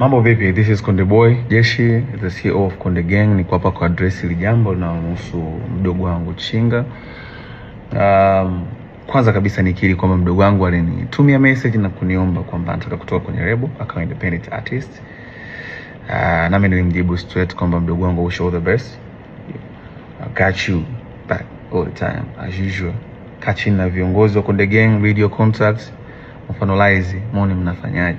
Mambo vipi? This is Konde Boy Jeshi, the CEO of Konde Gang. Niko hapa kwa address ile jambo linalohusu mdogo wangu Chinga. Um, kwanza kabisa nikiri kwamba mdogo wangu alinitumia message na kuniomba kwamba anataka kutoka kwenye lebo akawa independent artist. Uh, nami nilimjibu straight kwamba mdogo wangu wish all the best. I got you back all the time as usual. Kachini na viongozi wa Konde Gang, video contacts, mfano laizi, mbona mnafanyaje?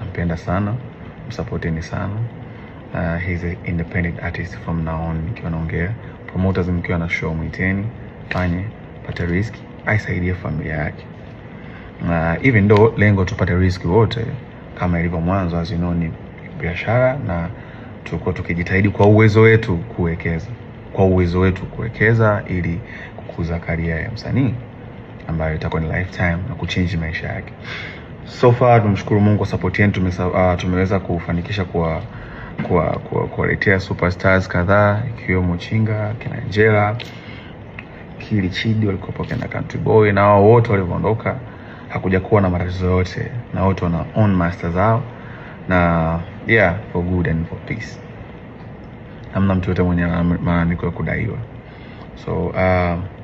nampenda sana, msupporteni sana. Uh, he's an independent artist from now on. Nikiwa naongea promoters, mkiwa na show mwiteni, fanye pata riski, aisaidie familia yake. Uh, even though lengo tupate riski wote kama ilivyo mwanzo, as you know, ni biashara na tuko tukijitahidi kwa uwezo wetu kuwekeza kwa uwezo wetu kuwekeza ili kukuza karia ya msanii ambayo itakuwa ni lifetime na kuchange maisha yake. So far tumshukuru Mungu kwa support yetu uh, tumeweza kufanikisha kwa kwa kuwaletea superstars kadhaa ikiwemo Chinga, kina njera Kili Chidi walikuwepo, kina Country Boy na wao wote walivyoondoka hakuja kuwa na matatizo yote, na wote wana own master zao na yeah for good and for peace. Hamna mtu yote mwenye malalamiko ya kudaiwa so uh,